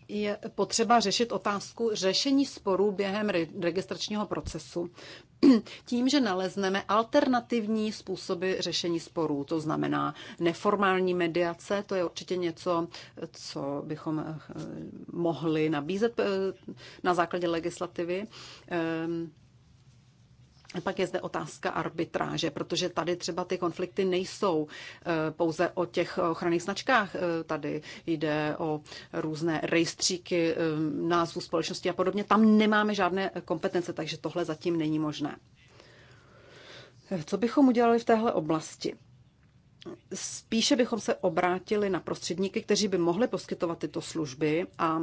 je potřeba řešit otázku řešení sporů během registračního procesu <clears throat> tím, že nalezneme alternativní způsoby řešení sporů, to znamená neformální mediace, to je určitě něco, co bychom eh, mohli nabízet eh, na základě legislativy. Ehm, pak je zde otázka arbitráže, protože tady třeba ty konflikty nejsou eh, pouze o těch ochranných značkách. Eh, tady jde o různé rejstříky eh, názvů společnosti a podobně. Tam nemáme žádné kompetence, takže tohle zatím není možné. Co bychom udělali v téhle oblasti? Spíše bychom se obrátili na prostředníky, kteří by mohli poskytovat tyto služby a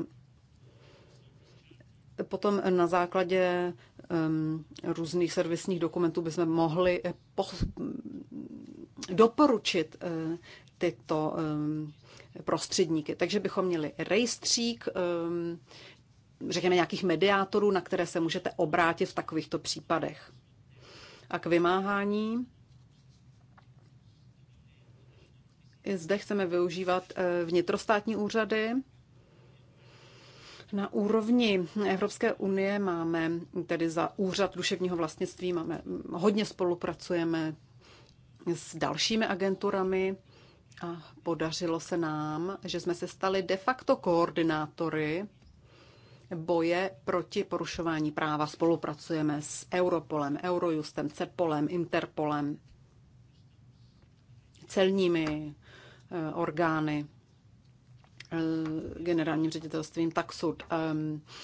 Potom na základě um, různých servisních dokumentů bychom mohli eh, doporučit uh, tyto um, prostředníky. Takže bychom měli rejstřík, um, řekněme nějakých mediátorů, na které se můžete obrátit v takovýchto případech. A k vymáhání. I zde chceme využívat eh, vnitrostátní úřady, na úrovni Evropské unie máme tedy za úřad duševního vlastnictví, máme, hodně spolupracujeme s dalšími agenturami a podařilo se nám, že jsme se stali de facto koordinátory boje proti porušování práva. Spolupracujeme s Europolem, Eurojustem, Cepolem, Interpolem, celními eh, orgány. Eh, generálním ředitelstvím Taxud.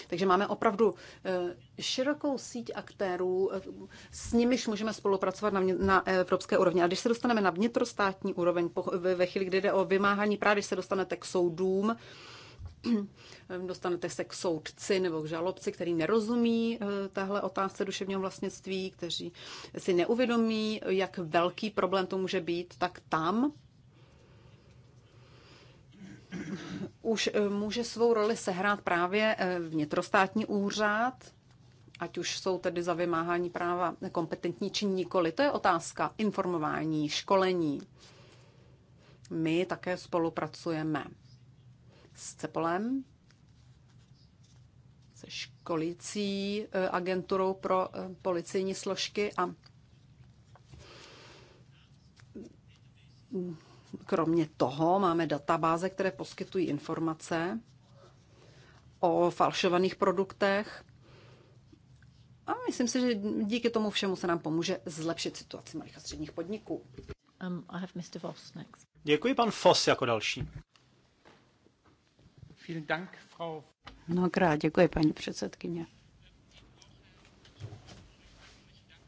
Takže máme opravdu eh, širokou síť aktérů, eh, s nimiž můžeme spolupracovat na, na evropské úrovni. A když se dostaneme na vnitrostátní úroveň, ve chvíli, kdy jde o vymáhání práv, když se dostanete k soudům, dostanete se k soudci nebo k žalobci, který nerozumí tahle otázce duševního vlastnictví, kteří si neuvědomí, jak velký problém to může být, tak tam už eh, může svou roli sehrát právě eh, vnitrostátní úřad, ať už jsou tedy za vymáhání práva kompetentní či nikoli. To je otázka informování, školení. My také spolupracujeme s Cepolem, se školicí eh, agenturou pro policejní složky a Kromě toho máme databáze, které poskytují informace o falšovaných produktech. A myslím si, že díky tomu všemu se nám pomůže zlepšit situaci malých a středních podniků. Um, I have Mr. Voss next. Děkuji, pan Foss, jako další. No, Dank, Mnohokrát děkuji, paní předsedkyně.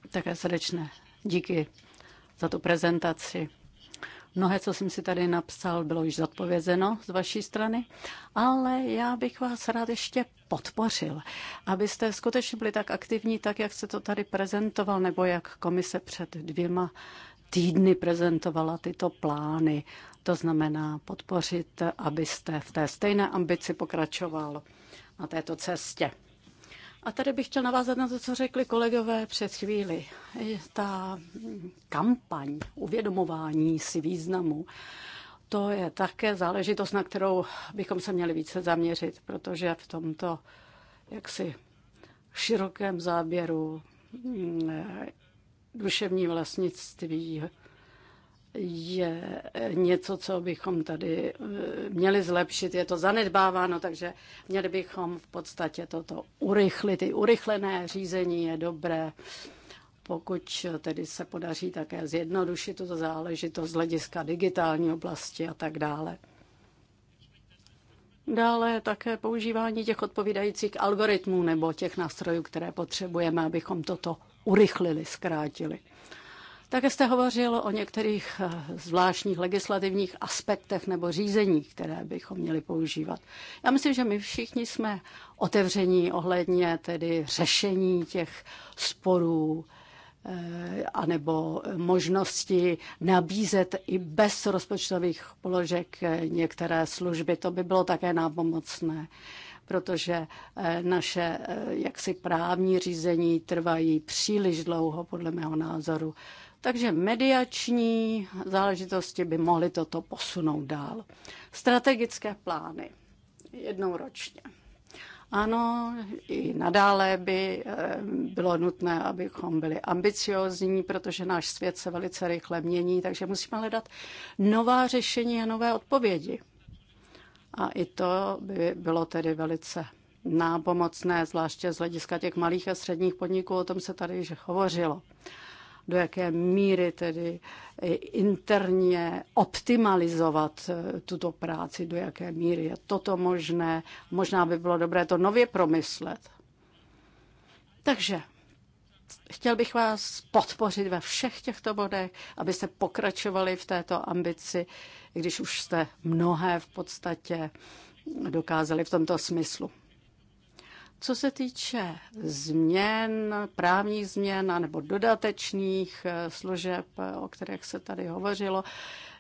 Také srdečné díky za tu prezentaci. Mnohé, co jsem si tady napsal, bylo již zodpovězeno z vaší strany, ale já bych vás rád ještě podpořil, abyste skutečně byli tak aktivní, tak jak se to tady prezentoval, nebo jak komise před dvěma týdny prezentovala tyto plány. To znamená podpořit, abyste v té stejné ambici pokračoval na této cestě. A tady bych chtěl navázat na to, co řekli kolegové před chvíli. Ta kampaň uvědomování si významu, to je také záležitost, na kterou bychom se měli více zaměřit, protože v tomto jaksi širokém záběru mm, duševní vlastnictví je eh, něco, co bychom tady eh, měli zlepšit. Je to zanedbáváno, takže měli bychom v podstatě toto urychlit. I urychlené řízení je dobré, pokud tedy se podaří také zjednodušit tuto záležitost z hlediska digitální oblasti a tak dále. Dále také používání těch odpovídajících algoritmů nebo těch nástrojů, které potřebujeme, abychom toto urychlili, zkrátili. Také jste hovořil o některých eh, zvláštních legislativních aspektech nebo řízeních, které bychom měli používat. Já myslím, že my všichni jsme otevření ohledně tedy řešení těch sporů, eh, anebo možnosti nabízet i bez rozpočtových položek eh, některé služby. To by bylo také nápomocné, protože naše jaksi právní řízení trvají příliš dlouho, podle mého názoru. Takže mediační záležitosti by mohly toto posunout dál. Strategické plány jednou ročně. Ano, i nadále by eh, bylo nutné, abychom byli ambiciozní, protože náš svět se velice rychle mění, takže musíme hledat nová řešení a nové odpovědi. A i to by bylo tedy velice nápomocné, zvláště z hlediska těch malých a středních podniků, o tom se tady již hovořilo do jaké míry tedy interně optimalizovat eh, tuto práci, do jaké míry je toto možné. Možná by bylo dobré to nově promyslet. Takže chtěl bych vás podpořit ve všech těchto bodech, abyste pokračovali v této ambici, když už jste mnohé v podstatě dokázali v tomto smyslu. Co se týče změn, právních změn nebo dodatečných eh, služeb, eh, o kterých se tady hovořilo,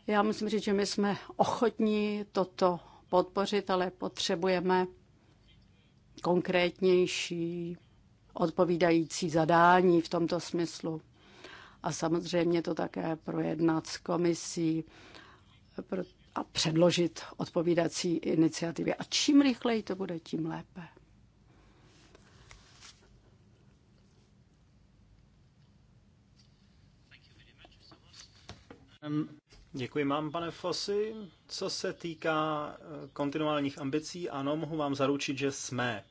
já musím říct, že my jsme ochotní toto podpořit, ale potřebujeme konkrétnější odpovídající zadání v tomto smyslu. A samozřejmě to také projednat s komisí a předložit odpovídací iniciativy. A čím rychleji to bude, tím lépe. Děkuji vám, pane Fosy. Co se týká eh, kontinuálních ambicí, ano, mohu vám zaručit, že jsme.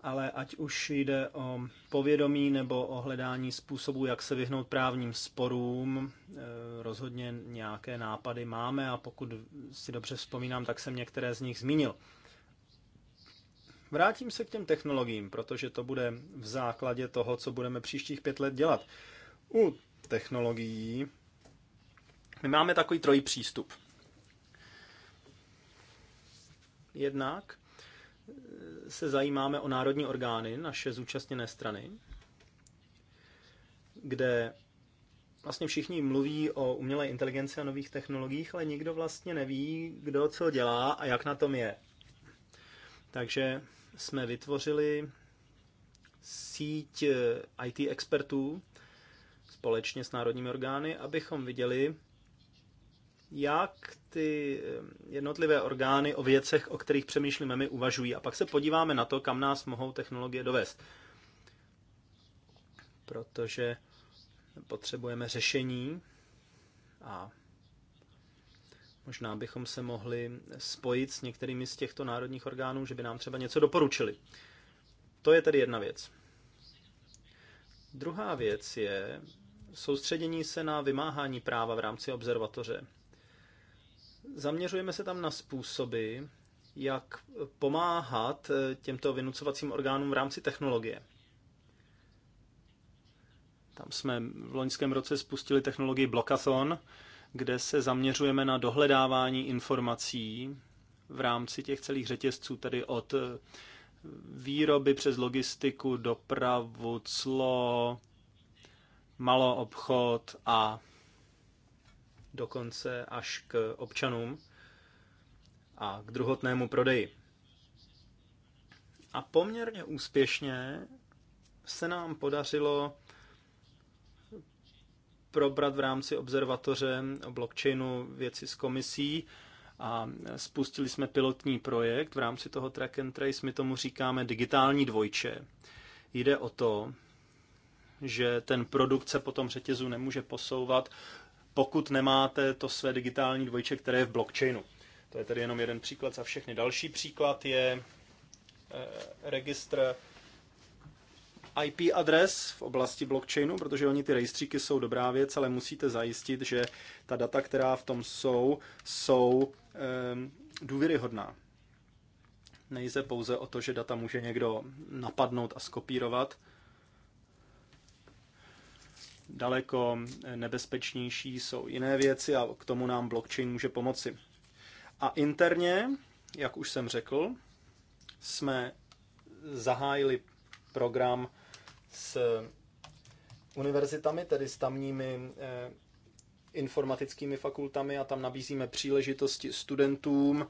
Ale ať už jde o povědomí nebo o hledání způsobů, jak se vyhnout právním sporům, eh, rozhodně nějaké nápady máme a pokud si dobře vzpomínám, tak jsem některé z nich zmínil. Vrátím se k těm technologiím, protože to bude v základě toho, co budeme příštích pět let dělat. U technologií. My máme takový trojí přístup. Jednak eh, se zajímáme o národní orgány, naše zúčastněné strany, kde vlastně všichni mluví o umělé inteligenci a nových technologiích, ale nikdo vlastně neví, kdo co dělá a jak na tom je. Takže jsme vytvořili síť eh, IT expertů, společně s národními orgány, abychom viděli, jak ty jednotlivé orgány o věcech, o kterých přemýšlíme my, uvažují. A pak se podíváme na to, kam nás mohou technologie dovést. Protože potřebujeme řešení a možná bychom se mohli spojit s některými z těchto národních orgánů, že by nám třeba něco doporučili. To je tedy jedna věc. Druhá věc je, soustředění se na vymáhání práva v rámci observatoře. Zaměřujeme se tam na způsoby, jak pomáhat eh, těmto vynucovacím orgánům v rámci technologie. Tam jsme v loňském roce spustili technologii Blockathon, kde se zaměřujeme na dohledávání informací v rámci těch celých řetězců, tedy od eh, výroby přes logistiku, dopravu, clo, malo obchod a dokonce až k občanům a k druhotnému prodeji. A poměrně úspěšně se nám podařilo probrat v rámci observatoře o blockchainu věci s komisí a spustili jsme pilotní projekt v rámci toho track and trace, my tomu říkáme digitální dvojče. Jde o to, že ten produkt se potom řetězu nemůže posouvat, pokud nemáte to své digitální dvojče, které je v blockchainu. To je tedy jenom jeden příklad za všechny. Další příklad je eh, registr IP adres v oblasti blockchainu, protože oni ty rejstříky jsou dobrá věc, ale musíte zajistit, že ta data, která v tom jsou, jsou e, důvěryhodná. Nejde pouze o to, že data může někdo napadnout a skopírovat, Daleko nebezpečnější jsou jiné věci a k tomu nám blockchain může pomoci. A interně, jak už jsem řekl, jsme zahájili program s univerzitami, tedy s tamními eh, informatickými fakultami a tam nabízíme příležitosti studentům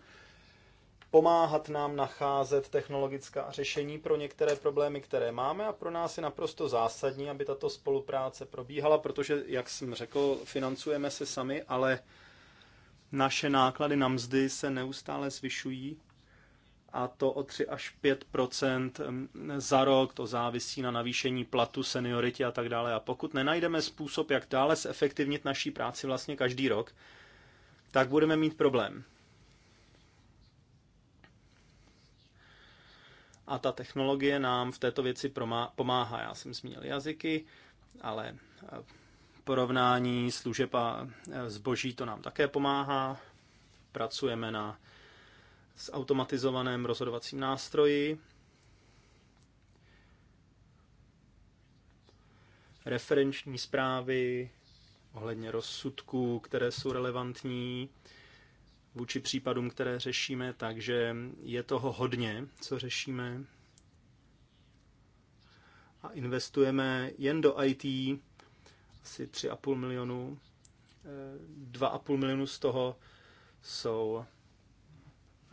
pomáhat nám nacházet technologická řešení pro některé problémy, které máme a pro nás je naprosto zásadní, aby tato spolupráce probíhala, protože, jak jsem řekl, financujeme se sami, ale naše náklady na mzdy se neustále zvyšují a to o 3 až 5 za rok, to závisí na navýšení platu, seniority a tak dále. A pokud nenajdeme způsob, jak dále zefektivnit naší práci vlastně každý rok, tak budeme mít problém. a ta technologie nám v této věci pomáhá. Já jsem zmínil jazyky, ale eh, porovnání služeb a eh, zboží to nám také pomáhá. Pracujeme na s automatizovaném rozhodovacím nástroji. Referenční zprávy ohledně rozsudků, které jsou relevantní, vůči případům, které řešíme, takže je toho hodně, co řešíme. A investujeme jen do IT asi 3,5 milionu. 2,5 eh, milionu z toho jsou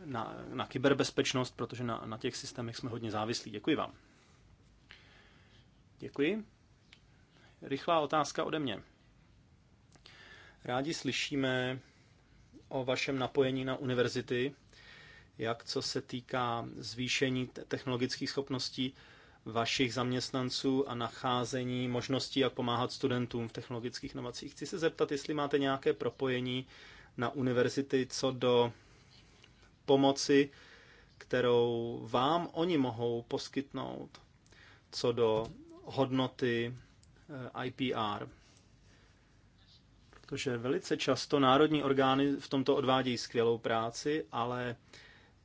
na, na kyberbezpečnost, protože na, na těch systémech jsme hodně závislí. Děkuji vám. Děkuji. Rychlá otázka ode mě. Rádi slyšíme o vašem napojení na univerzity, jak co se týká zvýšení technologických schopností vašich zaměstnanců a nacházení možností, jak pomáhat studentům v technologických inovacích. Chci se zeptat, jestli máte nějaké propojení na univerzity co do pomoci, kterou vám oni mohou poskytnout, co do hodnoty eh, IPR protože velice často národní orgány v tomto odvádějí skvělou práci, ale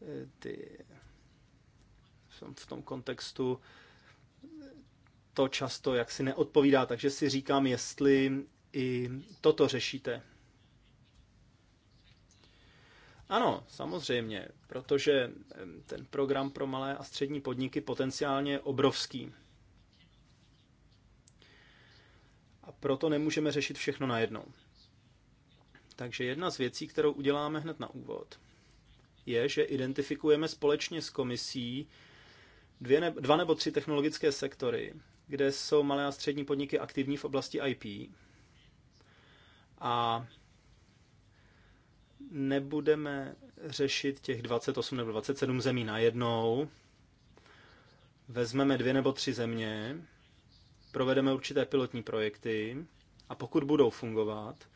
eh, ty v tom kontextu to často jaksi neodpovídá, takže si říkám, jestli i toto řešíte. Ano, samozřejmě, protože eh, ten program pro malé a střední podniky potenciálně je obrovský. A proto nemůžeme řešit všechno najednou. Takže jedna z věcí, kterou uděláme hned na úvod, je, že identifikujeme společně s komisí dvě ne, dva nebo tři technologické sektory, kde jsou malé a střední podniky aktivní v oblasti IP. A nebudeme řešit těch 28 nebo 27 zemí najednou. Vezmeme dvě nebo tři země, provedeme určité pilotní projekty a pokud budou fungovat,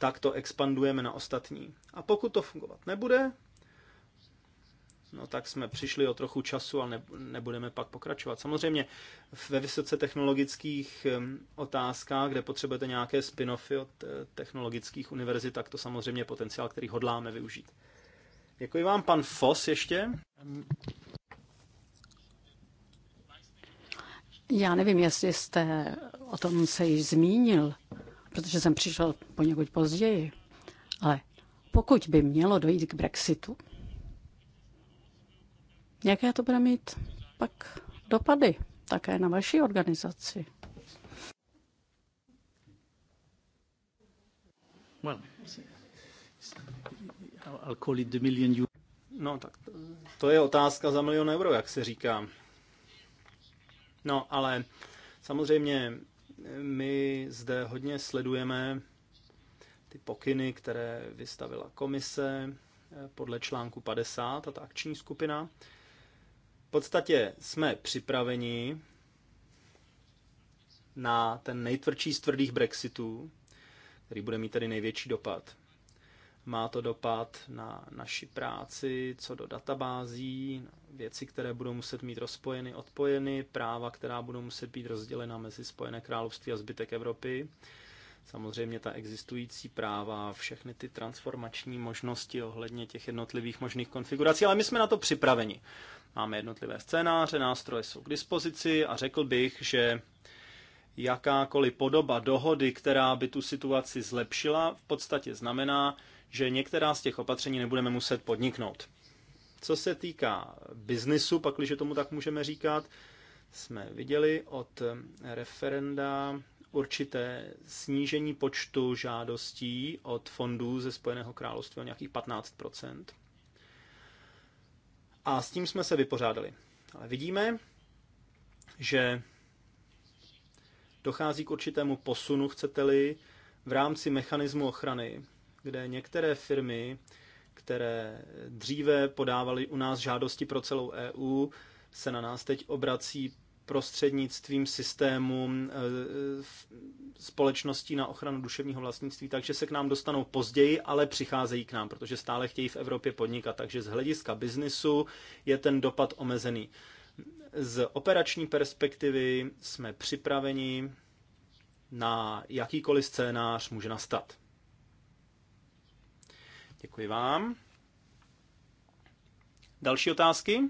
tak to expandujeme na ostatní. A pokud to fungovat nebude, no tak jsme přišli o trochu času a nebudeme pak pokračovat. Samozřejmě ve vysoce technologických otázkách, kde potřebujete nějaké spin-offy od eh, technologických univerzit, tak to samozřejmě je potenciál, který hodláme využít. Děkuji vám, pan Fos ještě. Já nevím, jestli jste o tom se již zmínil, protože jsem přišel poněkud později. Ale pokud by mělo dojít k Brexitu, jaké to bude mít pak dopady také na vaší organizaci? Well, I'll call it the million No, tak to je otázka za milion euro, jak se říká. No, ale samozřejmě my zde hodně sledujeme ty pokyny, které vystavila komise eh, podle článku 50 a ta akční skupina. V podstatě jsme připraveni na ten nejtvrdší z tvrdých Brexitů, který bude mít tedy největší dopad. Má to dopad na naši práci, co do databází, věci, které budou muset mít rozpojeny, odpojeny, práva, která budou muset být rozdělena mezi Spojené království a zbytek Evropy. Samozřejmě ta existující práva, všechny ty transformační možnosti ohledně těch jednotlivých možných konfigurací, ale my jsme na to připraveni. Máme jednotlivé scénáře, nástroje jsou k dispozici a řekl bych, že jakákoliv podoba dohody, která by tu situaci zlepšila, v podstatě znamená, že některá z těch opatření nebudeme muset podniknout. Co se týká biznisu, pak, když tomu tak můžeme říkat, jsme viděli od referenda určité snížení počtu žádostí od fondů ze Spojeného království o nějakých 15 A s tím jsme se vypořádali. Ale vidíme, že dochází k určitému posunu, chcete-li, v rámci mechanismu ochrany kde některé firmy, které dříve podávaly u nás žádosti pro celou EU, se na nás teď obrací prostřednictvím systému e, společností na ochranu duševního vlastnictví, takže se k nám dostanou později, ale přicházejí k nám, protože stále chtějí v Evropě podnikat. Takže z hlediska biznisu je ten dopad omezený. Z operační perspektivy jsme připraveni na jakýkoliv scénář může nastat. Děkuji vám. Další otázky?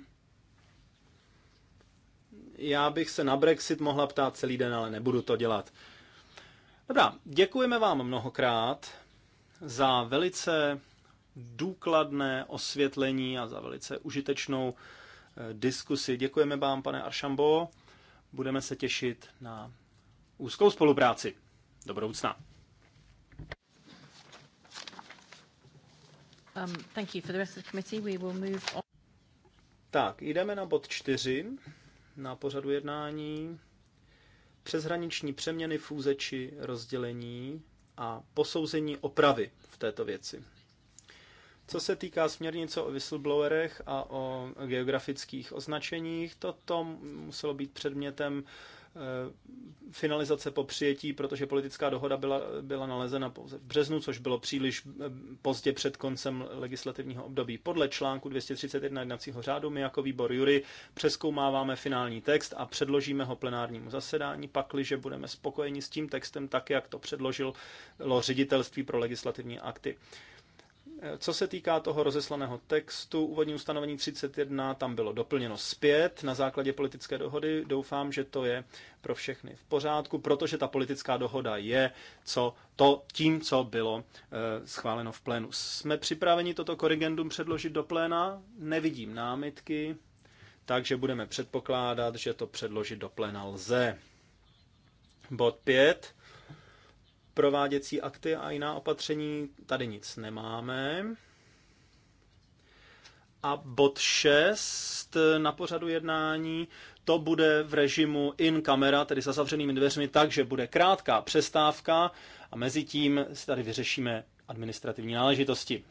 Já bych se na Brexit mohla ptát celý den, ale nebudu to dělat. Dobrá, děkujeme vám mnohokrát za velice důkladné osvětlení a za velice užitečnou eh, diskusi. Děkujeme vám, pane Aršambo. Budeme se těšit na úzkou spolupráci. Do budoucna. Tak, jdeme na bod 4 na pořadu jednání. Přeshraniční přeměny, fůze či rozdělení a posouzení opravy v této věci. Co se týká směrnice o whistleblowerech a o geografických označeních, toto muselo být předmětem Eh, finalizace po přijetí, protože politická dohoda byla, byla nalezena pouze v březnu, což bylo příliš eh, pozdě před koncem legislativního období. Podle článku 231 jednacího řádu my jako výbor Jury přeskoumáváme finální text a předložíme ho plenárnímu zasedání, pakliže budeme spokojeni s tím textem tak, jak to předložilo ředitelství pro legislativní akty. Co se týká toho rozeslaného textu, úvodní ustanovení 31 tam bylo doplněno zpět na základě politické dohody. Doufám, že to je pro všechny v pořádku, protože ta politická dohoda je co to tím, co bylo eh, schváleno v plénu. Jsme připraveni toto korrigendum předložit do pléna? Nevidím námitky, takže budeme předpokládat, že to předložit do pléna lze. Bod 5 prováděcí akty a jiná opatření, tady nic nemáme. A bod 6 na pořadu jednání, to bude v režimu in camera, tedy za zavřenými dveřmi, takže bude krátká přestávka a mezi tím si tady vyřešíme administrativní náležitosti.